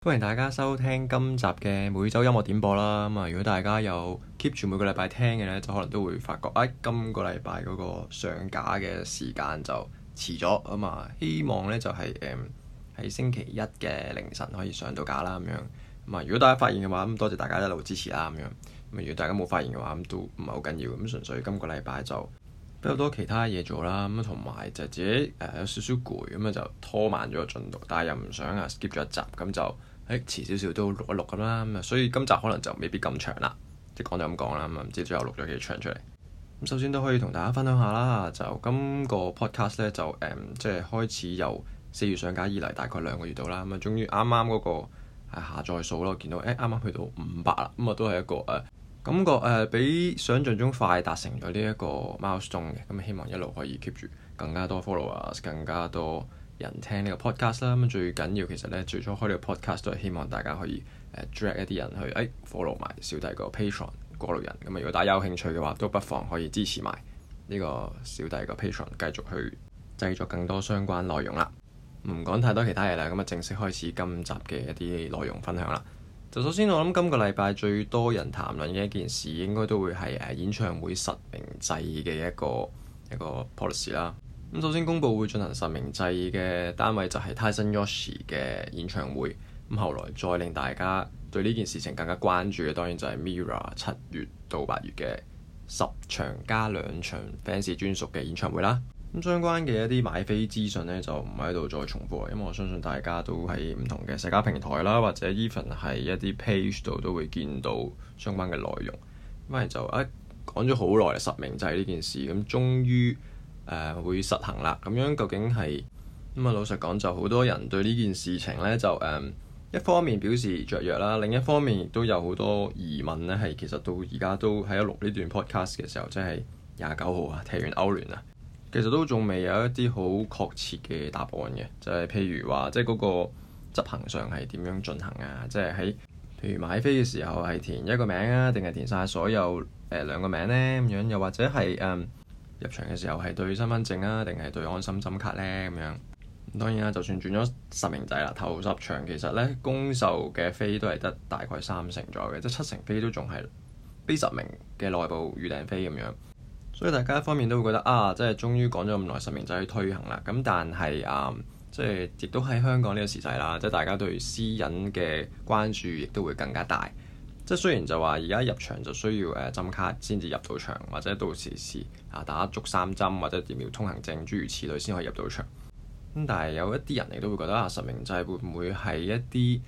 歡迎大家收聽今集嘅每周音樂點播啦。咁、嗯、啊，如果大家有 keep 住每個禮拜聽嘅咧，就可能都會發覺，誒、哎，今個禮拜嗰個上架嘅時間就遲咗。咁啊，希望咧就係誒喺星期一嘅凌晨可以上到架啦，咁樣。咁、嗯、啊，如果大家發現嘅話，咁、嗯、多謝大家一路支持啦，咁樣。咁、嗯、如果大家冇發現嘅話，咁、嗯、都唔係好緊要。咁純粹今個禮拜就比較多其他嘢做啦，咁同埋就自己誒、呃、有少少攰，咁啊就拖慢咗個進度，但係又唔想啊 skip 咗一集，咁就。誒、欸、遲少少都錄一錄咁啦，咁、嗯、啊所以今集可能就未必咁長啦，即係講就咁講啦，咁啊唔知最後錄咗幾長出嚟。咁、嗯、首先都可以同大家分享下啦，就今個 podcast 咧就誒、嗯、即係開始由四月上架以嚟，大概兩個月到啦，咁、嗯、啊終於啱啱嗰個、啊、下載數咯，見到誒啱啱去到五百啦，咁、嗯、啊都係一個誒、嗯、感覺誒、呃、比想像中快達成咗呢一個 milestone 嘅，咁、嗯、希望一路可以 keep 住更加多 followers，更加多。人聽呢個 podcast 啦，咁最緊要其實呢，最初開呢個 podcast 都係希望大家可以誒 drag 一啲人去誒、哎、follow 埋小弟個 Patreon 過路人，咁如果大家有興趣嘅話，都不妨可以支持埋呢個小弟個 Patreon，繼續去製作更多相關內容啦。唔講太多其他嘢啦，咁啊正式開始今集嘅一啲內容分享啦。就首先我諗今個禮拜最多人談論嘅一件事，應該都會係誒演唱會實名制嘅一個一個 policy 啦。咁首先，公布會進行實名制嘅單位就係 Tyson Yoshi 嘅演唱會。咁後來再令大家對呢件事情更加關注嘅，當然就係 Mira 七月到八月嘅十場加兩場 fans 專屬嘅演唱會啦。咁相關嘅一啲買飛資訊呢，就唔喺度再重複，因為我相信大家都喺唔同嘅社交平台啦，或者 even 係一啲 page 度都會見到相關嘅內容。咁而就啊講咗好耐實名制呢件事，咁終於～誒、呃、會實行啦，咁樣究竟係咁啊？老實講，就好多人對呢件事情呢，就誒、嗯、一方面表示雀躍啦，另一方面亦都有好多疑問呢，係其實到而家都喺度錄呢段 podcast 嘅時候，即係廿九號啊，踢完歐聯啊，其實都仲未有一啲好確切嘅答案嘅，就係譬如話，即係嗰個執行上係點樣進行啊？即係喺譬如買飛嘅時候係填一個名啊，定係填晒所有誒兩、呃、個名呢？咁樣又或者係誒？嗯入場嘅時候係對身份證啊，定係對安心針卡呢？咁樣。當然啦、啊，就算轉咗實名制啦，頭十場其實呢，公售嘅飛都係得大概三成左右嘅，即係七成飛都仲係非實名嘅內部預訂飛咁樣。所以大家一方面都會覺得啊，即係終於講咗咁耐實名制去推行啦。咁但係啊，即係亦都喺香港呢個時勢啦，即係大家對私隱嘅關注亦都會更加大。即係雖然就話而家入場就需要誒針卡先至入到場，或者到時時啊打足三針或者疫苗通行證諸如此類先可以入到場。咁但係有一啲人亦都會覺得啊，實名制會唔會係一啲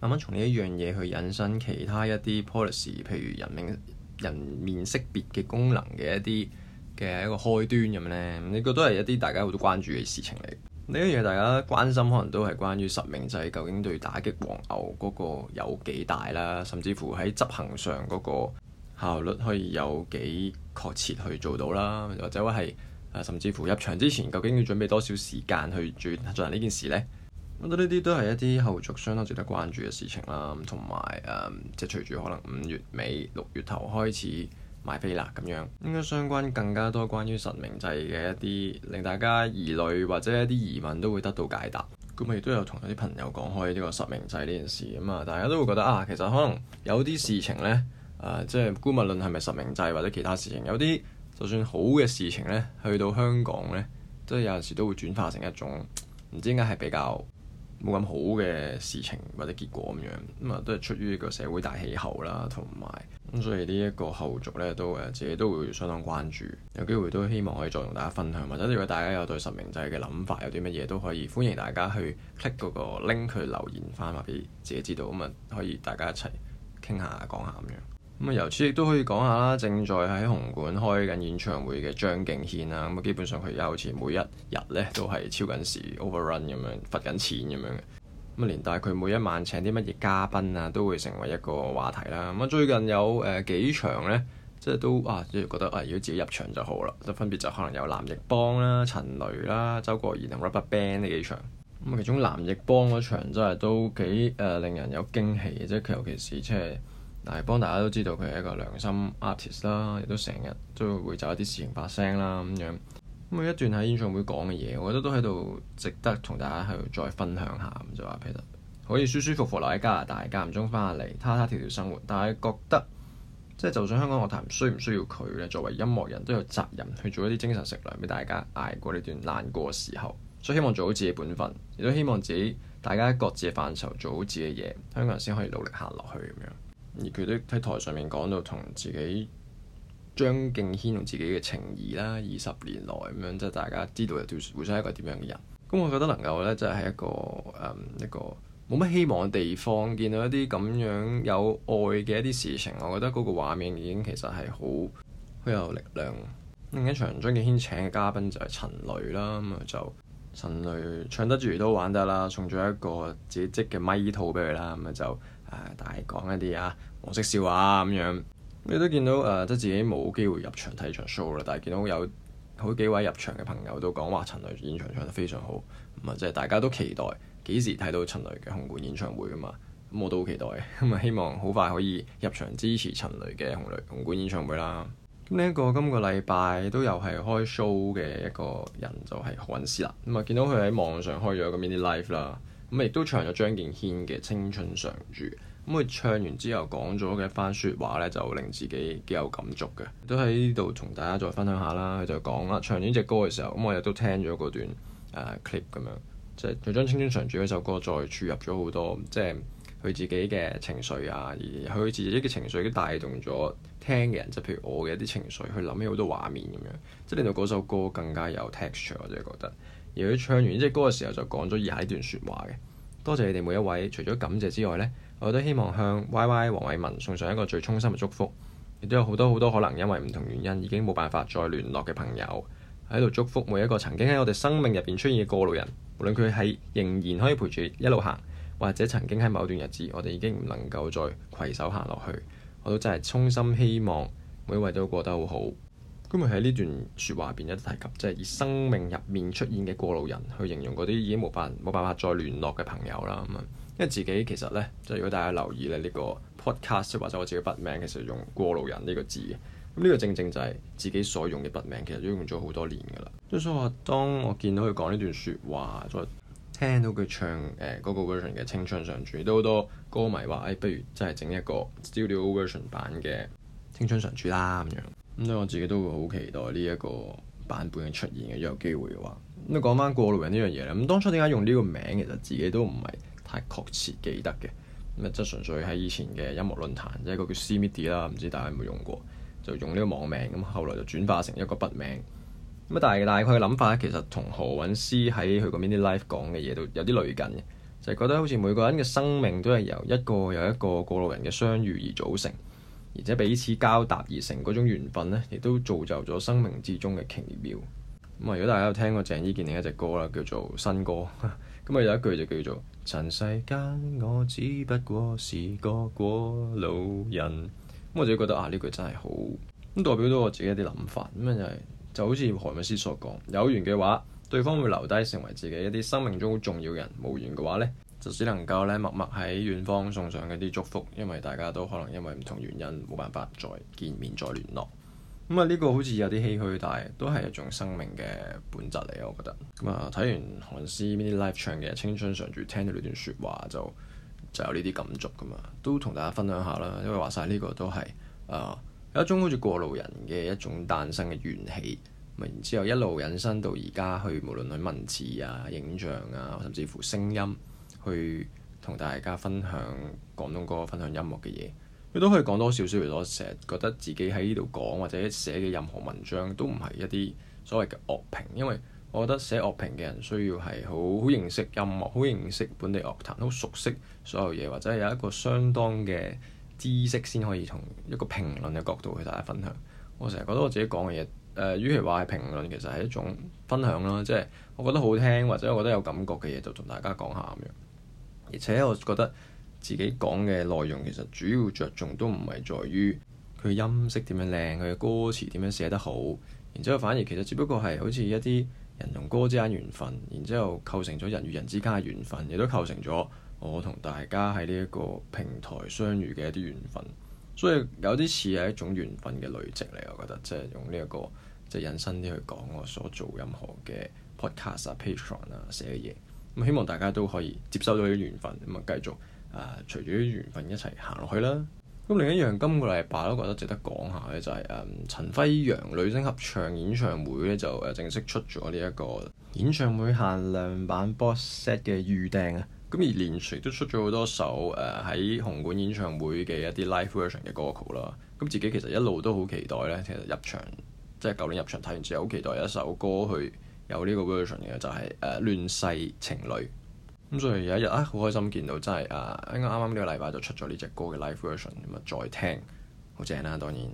慢慢從呢一樣嘢去引申其他一啲 policy，譬如人面人面識別嘅功能嘅一啲嘅一個開端咁咧？呢個都係一啲大家好多關注嘅事情嚟。呢一樣大家關心，可能都係關於實名制究竟對打擊黃牛嗰個有幾大啦，甚至乎喺執行上嗰個效率可以有幾確切去做到啦，或者話係、啊、甚至乎入場之前究竟要準備多少時間去轉進行呢件事呢？我覺得呢啲都係一啲後續相當值得關注嘅事情啦，同埋、嗯、即係隨住可能五月尾六月頭開始，買飛啦咁樣，應該相關更加多關於實名制嘅一啲令大家疑慮或者一啲疑問都會得到解答。咁亦都有同一啲朋友講開呢個實名制呢件事咁啊、嗯，大家都會覺得啊，其實可能有啲事情呢，誒、呃，即係姑勿論係咪實名制或者其他事情，有啲就算好嘅事情呢，去到香港呢，都係有陣時都會轉化成一種唔知點解係比較。冇咁好嘅事情或者結果咁樣，咁啊都係出於一個社會大氣候啦，同埋咁所以呢一個後續咧都誒自己都會相當關注，有機會都希望可以再同大家分享，或者如果大家有對實名制嘅諗法有啲乜嘢，都可以歡迎大家去 click 嗰個 link 佢留言翻，或俾自己知道，咁啊可以大家一齊傾下講下咁樣。咁啊，由此亦都可以講下啦。正在喺紅館開緊演唱會嘅張敬軒啦，咁啊，基本上佢又好似每一日咧都係超緊時 over run 咁樣，罰緊錢咁樣嘅。咁啊，連帶佢每一晚請啲乜嘢嘉賓啊，都會成為一個話題啦。咁啊，最近有誒幾場咧，即係都啊，即係覺得啊，如果自己入場就好啦。咁分別就可能有藍奕邦啦、陳蕾啦、周國賢同 Rubber Band 呢幾場。咁其中藍奕邦嗰場真係都幾誒、呃、令人有驚喜嘅，即係尤其是即係。啊但係幫大家都知道佢係一個良心 artist 啦，亦都成日都會會就一啲事情發聲啦。咁樣每一段喺演唱會講嘅嘢，我覺得都喺度值得同大家去再分享下。咁就話，譬如話可以舒舒服服留喺加拿大，間唔中翻下嚟，他他條條生活。但係覺得即係就算香港樂壇需唔需要佢呢？作為音樂人都有責任去做一啲精神食糧俾大家捱過呢段難過嘅時候，所以希望做好自己本分，亦都希望自己大家各自嘅範疇做好自己嘅嘢，香港人先可以努力行落去咁樣。而佢都喺台上面講到同自己張敬軒同自己嘅情誼啦，二十年來咁樣，即係大家知道佢互相係一個點樣嘅人。咁我覺得能夠咧，即係係一個誒、嗯、一個冇乜希望嘅地方，見到一啲咁樣有愛嘅一啲事情，我覺得嗰個畫面已經其實係好好有力量。另一場張敬軒請嘅嘉賓就係陳蕾啦，咁啊就陳蕾唱得住都玩得啦，送咗一個自己織嘅咪套俾佢啦，咁啊就。誒，大、呃、講一啲啊，黃色笑話咁、啊、樣，你都見到誒，即、呃、自己冇機會入場睇場 show 啦，但係見到有好幾位入場嘅朋友都講話陳蕾演唱唱得非常好，咁、嗯、啊，即、就、係、是、大家都期待幾時睇到陳蕾嘅紅館演唱會啊嘛，咁、嗯、我都好期待，咁、嗯、啊，希望好快可以入場支持陳蕾嘅紅雷紅館演唱會啦。呢一、這個今個禮拜都又係開 show 嘅一個人就係何韻詩啦，咁、嗯、啊，見到佢喺網上開咗個 mini live 啦。咁亦都唱咗張敬軒嘅《青春常駐》，咁、嗯、佢唱完之後講咗嘅一番説話咧，就令自己幾有感觸嘅，都喺呢度同大家再分享下啦。佢就講啦，唱完呢隻歌嘅時候，咁、嗯、我亦都聽咗嗰段、uh, clip 咁樣，即係佢將《青春常駐》呢首歌再注入咗好多，即係佢自己嘅情緒啊，而佢自己嘅情緒都帶動咗聽嘅人，即譬如我嘅一啲情緒，去諗起好多畫面咁樣，即係令到嗰首歌更加有 texture，我哋覺得。而佢唱完呢隻歌嘅時候就講咗以下呢段説話嘅。多謝你哋每一位，除咗感謝之外呢，我都希望向 Y Y 黃偉文送上一個最衷心嘅祝福。亦都有好多好多可能因為唔同原因已經冇辦法再聯絡嘅朋友，喺度祝福每一個曾經喺我哋生命入邊出現嘅過路人。無論佢係仍然可以陪住一路行，或者曾經喺某段日子我哋已經唔能夠再攜手行落去，我都真係衷心希望每一位都過得好好。咁咪喺呢段説話入邊有提及，即係以生命入面出現嘅過路人，去形容嗰啲已經冇法冇辦法再聯絡嘅朋友啦。咁啊，因為自己其實咧，即係如果大家留意咧，呢個 podcast 或者我自己筆名嘅時候用過路人呢個字，咁呢個正正就係自己所用嘅筆名，其實都用咗好多年噶啦。即所以話，當我見到佢講呢段説話，再聽到佢唱誒嗰個 version 嘅《青春常駐》，都好多歌迷話：誒不如真係整一個 studio version 版嘅《青春常駐》啦。咁樣。咁我自己都會好期待呢一個版本嘅出現嘅，有機會嘅話。咁講翻過路人呢樣嘢咧，咁當初點解用呢個名，其實自己都唔係太確切記得嘅。咁啊，即係純粹喺以前嘅音樂論壇，一個叫 CMIDI 啦，唔知大家有冇用過，就用呢個網名，咁後來就轉化成一個筆名。咁啊，但係大概嘅諗法咧，其實同何韻詩喺佢嗰邊啲 mini live 講嘅嘢都有啲類近嘅，就係、係、覺得好似每個人嘅生命都係由一個又一個過路人嘅相遇而組成。而且彼此交搭而成嗰種緣分呢，亦都造就咗生命之中嘅奇妙。咁、嗯、啊，如果大家有聽過鄭伊健另一隻歌啦，叫做《新歌》，咁啊有一句就叫做：塵世間我只不過是個過路人。咁、嗯、我自己覺得啊，呢句真係好咁、嗯，代表咗我自己一啲諗法。咁啊又係就好似何韻詩所講，有緣嘅話，對方會留低成為自己一啲生命中好重要嘅人；無緣嘅話呢。就只能夠咧，默默喺遠方送上一啲祝福，因為大家都可能因為唔同原因冇辦法再見面、再聯絡。咁啊，呢個好似有啲唏噓，但係都係一種生命嘅本質嚟。我覺得咁啊，睇完何韻詩 mini live 唱嘅《青春常駐》，聽到呢段説話就就有呢啲感觸咁嘛。都同大家分享下啦。因為話晒呢個都係、啊、有一種好似過路人嘅一種誕生嘅元氣，然後之後一路引申到而家去，無論喺文字啊、影像啊，甚至乎聲音。去同大家分享廣東歌、分享音樂嘅嘢，佢都可以講多少少。如果成日覺得自己喺呢度講或者寫嘅任何文章都唔係一啲所謂嘅樂評，因為我覺得寫樂評嘅人需要係好好認識音樂、好認識本地樂壇、好熟悉所有嘢，或者係有一個相當嘅知識先可以從一個評論嘅角度去大家分享。我成日覺得我自己講嘅嘢，誒、呃，於其話係評論，其實係一種分享囉。即係我覺得好聽或者我覺得有感覺嘅嘢，就同大家講下咁樣。而且我覺得自己講嘅內容其實主要着重都唔係在於佢音色點樣靚，佢嘅歌詞點樣寫得好。然之後反而其實只不過係好似一啲人同歌之間緣分，然之後構成咗人與人之間嘅緣分，亦都構成咗我同大家喺呢一個平台相遇嘅一啲緣分。所以有啲似係一種緣分嘅累積嚟，我覺得即係用呢、這、一個即係引申啲去講我所做任何嘅 podcast 啊、Patreon 啊寫嘅嘢。咁希望大家都可以接收到啲緣分，咁啊繼續啊、呃，隨住啲緣分一齊行落去啦。咁另一樣今個禮拜都覺得值得講下咧，就係、是、誒、呃、陳輝陽女聲合唱演唱會咧，就誒正式出咗呢一個演唱會限量版 box set 嘅預訂啊。咁而連隨都出咗好多首誒喺、呃、紅館演唱會嘅一啲 live version 嘅歌曲啦。咁自己其實一路都好期待咧，其實入場即係舊年入場睇完之後，好期待有一首歌去。有呢個 version 嘅就係、是、誒、呃、亂世情侶，咁所以有一日啊好開心見到真係啊啱啱呢個禮拜就出咗呢隻歌嘅 live version，咁啊再聽好正啦，當然、啊，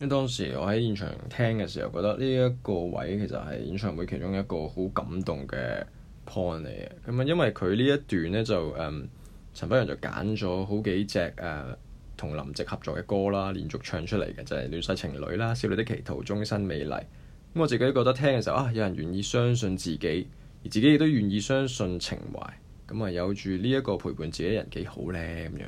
因為當時我喺現場聽嘅時候覺得呢一個位其實係演唱會其中一個好感動嘅 point 嚟嘅。咁啊因為佢呢一段呢，就誒、嗯、陳輝陽就揀咗好幾隻誒同林夕合作嘅歌啦，連續唱出嚟嘅就係、是、亂世情侶啦、少女的祈禱、終身美麗。我自己覺得聽嘅時候啊，有人願意相信自己，而自己亦都願意相信情懷。咁啊，有住呢一個陪伴自己人幾好呢？咁樣，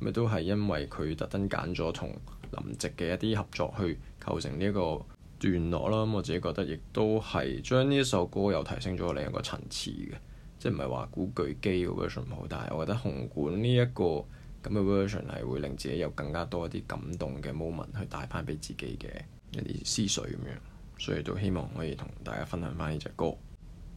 咪都係因為佢特登揀咗同林夕嘅一啲合作去構成呢一個段落啦。咁我自己覺得亦都係將呢一首歌又提升咗另一個層次嘅，即係唔係話古巨基嘅 version 唔好，但係我覺得紅館呢一個咁嘅 version 係會令自己有更加多一啲感動嘅 moment 去帶翻俾自己嘅一啲思緒咁樣。所以都希望可以同大家分享翻呢隻歌。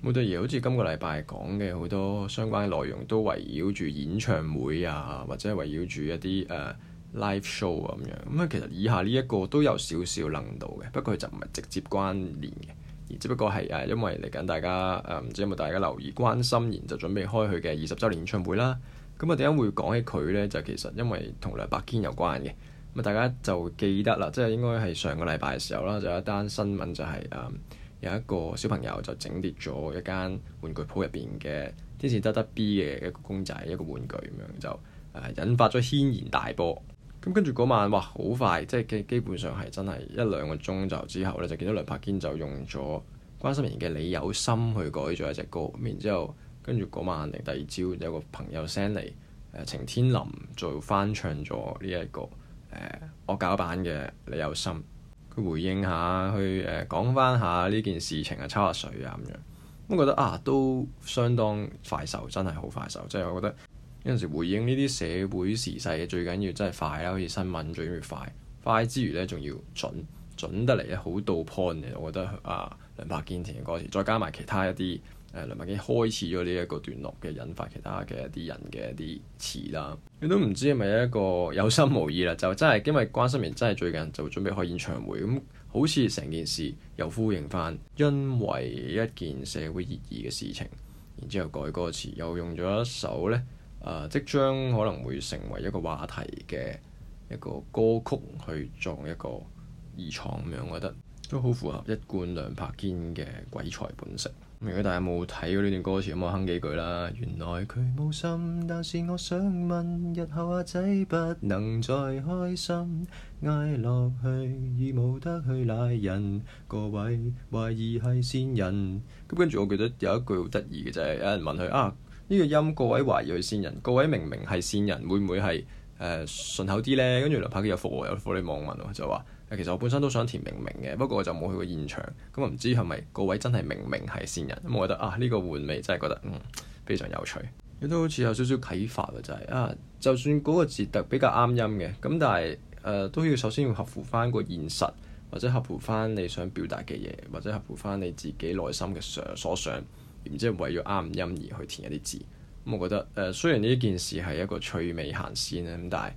冇得而，好似今個禮拜講嘅好多相關嘅內容，都圍繞住演唱會啊，或者係圍繞住一啲誒、uh, live show 啊咁樣。咁、嗯、啊，其實以下呢一個都有少少楞到嘅，不過就唔係直接關聯嘅，而只不過係啊，因為嚟緊大家誒唔知有冇大家留意、關心，然後就準備開佢嘅二十週年演唱會啦。咁、嗯、啊，點解會講起佢咧？就其實因為同梁栢堅有關嘅。咁大家就記得啦，即係應該係上個禮拜嘅時候啦，就有一單新聞就係、是、誒有一個小朋友就整跌咗一間玩具鋪入邊嘅天使得得 B 嘅一個公仔，一個玩具咁樣就誒引發咗軒然大波。咁跟住嗰晚，哇！好快，即係基基本上係真係一兩個鐘就之後咧，就見到梁栢堅就用咗關心妍嘅你有心去改咗一隻歌。咁然之後，跟住嗰晚定第二朝有個朋友 send 嚟誒，晴天林就翻唱咗呢一個。誒惡搞版嘅你有心，佢回應下去誒、呃、講翻下呢件事情啊，抽下水啊咁樣，咁覺得啊都相當快手，真係好快手。即係我覺得有陣時回應呢啲社會時勢最緊要真係快啦，好似新聞最緊要快，快之餘呢，仲要準，準得嚟好到 point 嘅。我覺得啊，梁栢堅填嘅歌詞，再加埋其他一啲。誒、呃、梁栢堅開始咗呢一個段落嘅引發其他嘅一啲人嘅一啲詞啦，你都唔知係咪一個有心無意啦，就真係因為關心妍真係最近就準備開演唱會，咁、嗯、好似成件事又呼應返，因為一件社會熱議嘅事情，然之後改歌詞，又用咗一首呢，誒、呃，即將可能會成為一個話題嘅一個歌曲去作一個二創咁樣，我覺得都好符合一貫梁栢堅嘅鬼才本色。如果大家冇睇過呢段歌詞，咁我哼幾句啦。原來佢冇心，但是我想問，日後阿仔不能再開心，挨落去已冇得去賴人。各位懷疑係線人，咁跟住我記得有一句好得意嘅就係，有人問佢啊，呢個音，各位懷疑係線人，各位明明係線人，會唔會係誒、呃、順口啲呢？」跟住梁栢堅又復活，有火你網民咯，就話。其實我本身都想填明明嘅，不過我就冇去過現場，咁、嗯、唔知係咪嗰位真係明明係先人咁？我覺得啊，呢、這個換味真係覺得嗯非常有趣。亦都好似有少少啟發㗎，就係、是、啊，就算嗰個字特比較啱音嘅，咁但係誒、呃、都要首先要合乎返個現實，或者合乎返你想表達嘅嘢，或者合乎返你自己內心嘅想所想，唔知係為咗啱音而去填一啲字咁、嗯。我覺得誒、呃，雖然呢件事係一個趣味行先，啊，咁但係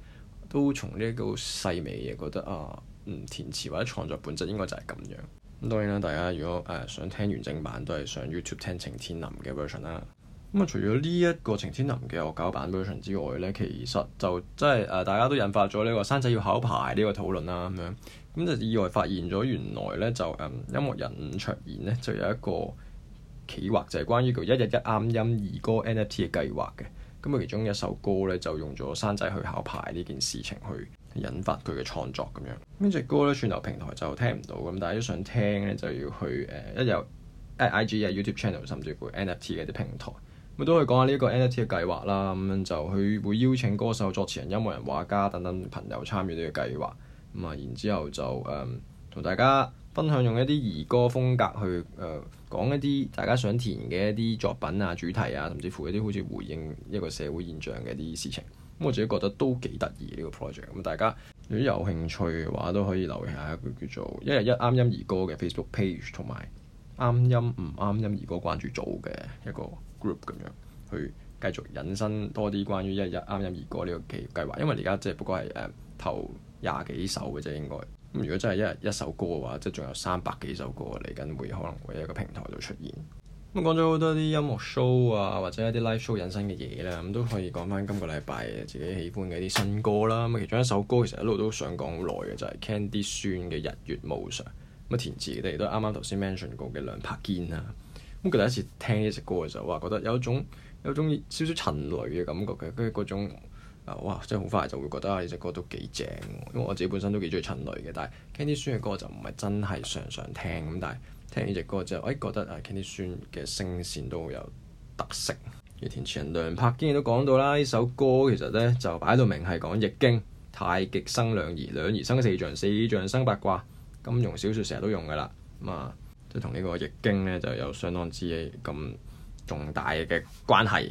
都從呢個細微嘢覺得啊。填詞或者創作本質應該就係咁樣。咁當然啦，大家如果誒、呃、想聽完整版，都係上 YouTube 聽晴天林嘅 version 啦。咁、嗯、啊，除咗呢一個晴天林嘅惡搞版 version 之外咧，其實就真係誒、呃、大家都引發咗呢、這個生仔要考牌呢、這個討論啦咁樣。咁就意外發現咗原來咧就誒、嗯、音樂人伍卓賢咧就有一個企劃就係、是、關於佢一日一啱音兒歌 NFT 嘅計劃嘅。咁啊其中一首歌咧就用咗生仔去考牌呢件事情去引發佢嘅創作咁樣，呢隻歌咧，串流平台就聽唔到，咁大家想聽咧就要去誒、呃、一有 IG 啊 YouTube channel，甚至乎 NFT 嘅啲平台，咁都可以講下呢一個 NFT 嘅計劃啦。咁樣就佢會邀請歌手、作詞人、音樂人、畫家等等朋友參與呢個計劃。咁啊，然之後就誒同、呃、大家分享用一啲兒歌風格去誒、呃、講一啲大家想填嘅一啲作品啊、主題啊，甚至乎一啲好似回應一個社會現象嘅一啲事情。我自己覺得都幾得意呢個 project，咁大家如果有興趣嘅話，都可以留意下一個叫做《一日一啱音兒歌》嘅 Facebook page，同埋《啱音唔啱音兒歌》關注組嘅一個 group 咁樣，去繼續引申多啲關於《一日一啱音兒歌》呢個企計劃。因為而家即係不過係誒頭廿幾首嘅啫，應該咁如果真係一日一首歌嘅話，即係仲有三百幾首歌嚟緊會可能會喺一個平台度出現。咁講咗好多啲音樂 show 啊，或者一啲 live show 引申嘅嘢啦，咁都可以講翻今個禮拜自己喜歡嘅一啲新歌啦。咁、嗯、其中一首歌其實一路都想講好耐嘅，就係、是、Candy Sun 嘅《日月無常》。咁、嗯、啊，填詞亦都啱啱頭先 mention 過嘅梁栢堅啊。咁、嗯、佢第一次聽呢隻歌嘅時候，我覺得有一種有一種少少陳蕾嘅感覺嘅，跟住嗰種啊，哇！真係好快就會覺得啊，呢隻歌都幾正。因為我自己本身都幾中意陳蕾嘅，但係 Candy Sun 嘅歌就唔係真係常常聽咁、嗯，但係。聽呢隻歌之後，哎，覺得啊，Kenny 嘅聲線都好有特色。而填詞人梁柏堅都講到啦，呢首歌其實咧就擺到明係講易經，太極生兩儀，兩儀生四象，四象生八卦。金庸小説成日都用噶啦，咁啊，即係同呢個易經咧就有相當之咁重大嘅關係。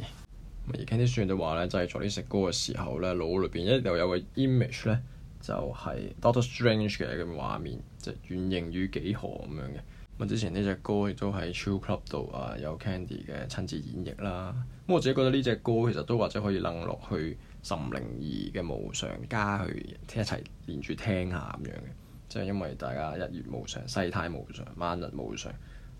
而 Kenny 都話咧，就係做呢隻歌嘅時候咧，腦裏邊一度有個 image 咧，就係、是、Doctor Strange 嘅咁畫面，即係圓形與幾何咁樣嘅。咪之前呢隻歌亦都喺 Chill Club 度啊，有 Candy 嘅親自演繹啦。咁我自己覺得呢隻歌其實都或者可以冷落去《岑寧兒》嘅無常加去一齊連住聽下咁樣嘅，即係因為大家日月無常、世態無常、萬日無常，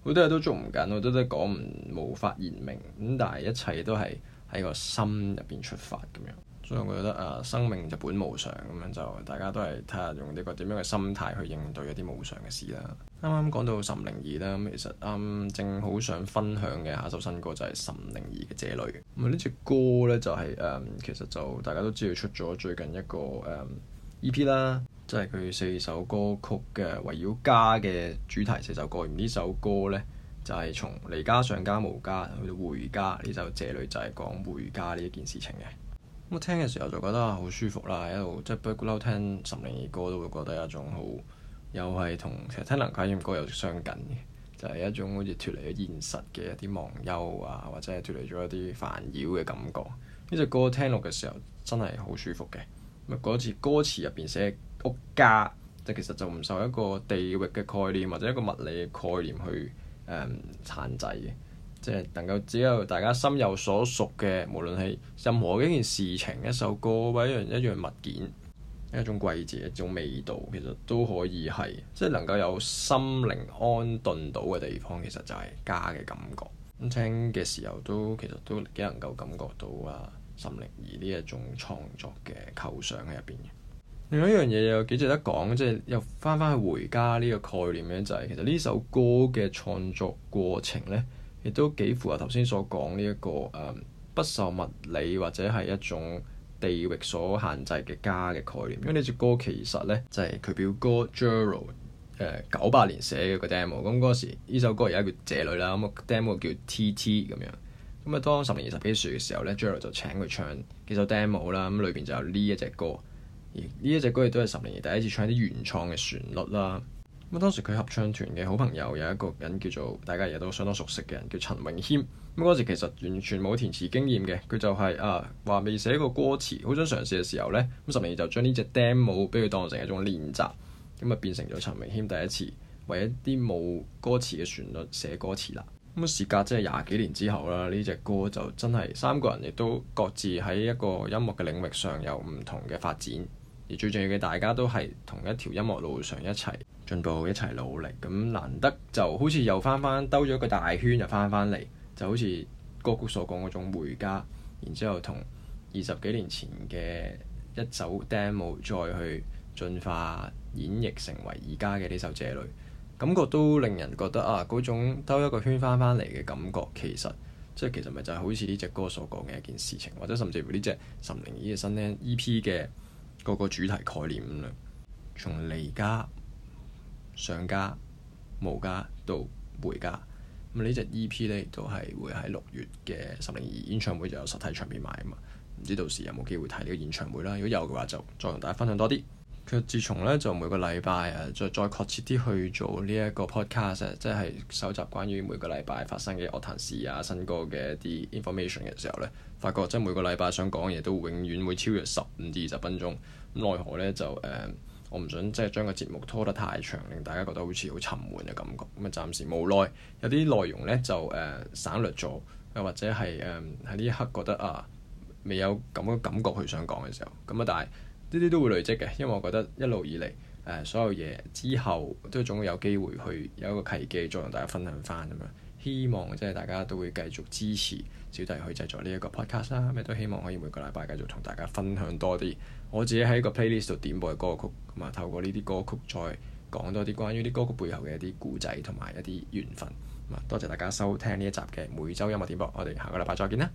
好多嘢都做唔緊，我都得講唔無法言明。咁但係一切都係喺個心入邊出發咁樣。所以，我覺得啊，生命就本無常咁樣、嗯，就大家都係睇下用呢個點樣嘅心態去應對一啲無常嘅事啦。啱啱講到岑寧兒啦，咁、嗯、其實啱、嗯、正好想分享嘅下首新歌就係、是、岑寧兒嘅《這裡》。咁、嗯、呢隻歌咧就係、是、誒、嗯，其實就大家都知道出咗最近一個誒、嗯、E P 啦，即係佢四首歌曲嘅圍繞家嘅主題。四首歌，而呢首歌咧就係、是、從離家上家無家去到回家呢首《這裡》，就係講回家呢一件事情嘅。聽嘅時候就覺得好舒服啦，一路即係不嬲撈聽岑寧兒歌都會覺得一種好，又係同其實聽林家謙歌又相近嘅，就係、是、一種好似脫離咗現實嘅一啲忘憂啊，或者係脫離咗一啲煩擾嘅感覺。呢隻歌聽落嘅時候真係好舒服嘅。咁嗰次歌詞入邊寫屋家，即其實就唔受一個地域嘅概念或者一個物理嘅概念去誒限制嘅。嗯即係能夠只有大家心有所屬嘅，無論係任何一件事情、一首歌、或者一樣一樣物件、一種季節、一種味道，其實都可以係即係能夠有心靈安頓到嘅地方。其實就係家嘅感覺，咁聽嘅時候都，都其實都幾能夠感覺到啊，心靈而呢一種創作嘅構想喺入邊。另外一樣嘢又幾值得講，即係又翻翻去回家呢個概念咧，就係、是、其實呢首歌嘅創作過程咧。亦都幾符合頭先所講呢一個誒、um, 不受物理或者係一種地域所限制嘅家嘅概念，因為呢隻歌其實呢，就係、是、佢表哥 Jerald 九八年寫嘅個 demo，咁、嗯、嗰時呢首歌而家叫這裡啦，咁個、嗯、demo 叫 TT 咁樣。咁、嗯、啊當十年二十幾歲嘅時候呢，Jerald 就請佢唱幾首 demo 啦、嗯，咁裏邊就有呢一隻歌，而呢一隻歌亦都係十年第一次唱啲原創嘅旋律啦。嗯咁當時佢合唱團嘅好朋友有一個人叫做大家亦都相當熟悉嘅人叫陳詠謙。咁嗰時其實完全冇填詞經驗嘅，佢就係、是、啊話未寫過歌詞，好想嘗試嘅時候呢，咁十年就將呢隻 demo 俾佢當成一種練習，咁啊變成咗陳詠謙第一次為一啲冇歌詞嘅旋律寫歌詞啦。咁啊時隔即係廿幾年之後啦，呢、這、隻、個、歌就真係三個人亦都各自喺一個音樂嘅領域上有唔同嘅發展。而最重要嘅，大家都係同一條音樂路上一齊進步，一齊努力。咁難得就好似又翻翻兜咗一個大圈，又翻翻嚟，就好似歌曲所講嗰種回家。然之後同二十幾年前嘅一首 demo 再去進化演繹，成為而家嘅呢首這裡感覺，都令人覺得啊嗰種兜一個圈翻翻嚟嘅感覺，其實即係其實咪就係好似呢隻歌所講嘅一件事情，或者甚至乎呢隻岑寧兒嘅新 EP 嘅。個個主題概念咁樣，從離家上家無家到回家。咁呢隻 E.P 呢，都係會喺六月嘅十零二演唱會就有實體唱面賣啊嘛。唔知到時有冇機會睇呢個演唱會啦？如果有嘅話，就再同大家分享多啲。佢自從咧就每個禮拜啊，再再確切啲去做呢一個 podcast，即係搜集關於每個禮拜發生嘅樂壇事啊、新歌嘅一啲 information 嘅時候咧，發覺即係每個禮拜想講嘅嘢都永遠會超越十五至二十分鐘。咁奈何咧就誒、呃，我唔想即係將個節目拖得太長，令大家覺得好似好沉悶嘅感覺。咁啊暫時無奈，有啲內容咧就誒、呃、省略咗，又或者係誒喺呢一刻覺得啊未有咁嘅感覺去想講嘅時候，咁啊但係。呢啲都會累積嘅，因為我覺得一路以嚟誒、呃、所有嘢之後都總會有機會去有一個契機，再同大家分享翻咁樣。希望即係大家都會繼續支持小弟去製作呢一個 podcast 啦，咁亦都希望可以每個禮拜繼續同大家分享多啲。我自己喺個 playlist 度點播嘅歌曲，咁啊透過呢啲歌曲再講多啲關於啲歌曲背後嘅一啲故仔同埋一啲緣分。咁啊多謝大家收聽呢一集嘅每周音樂點播，我哋下個禮拜再見啦。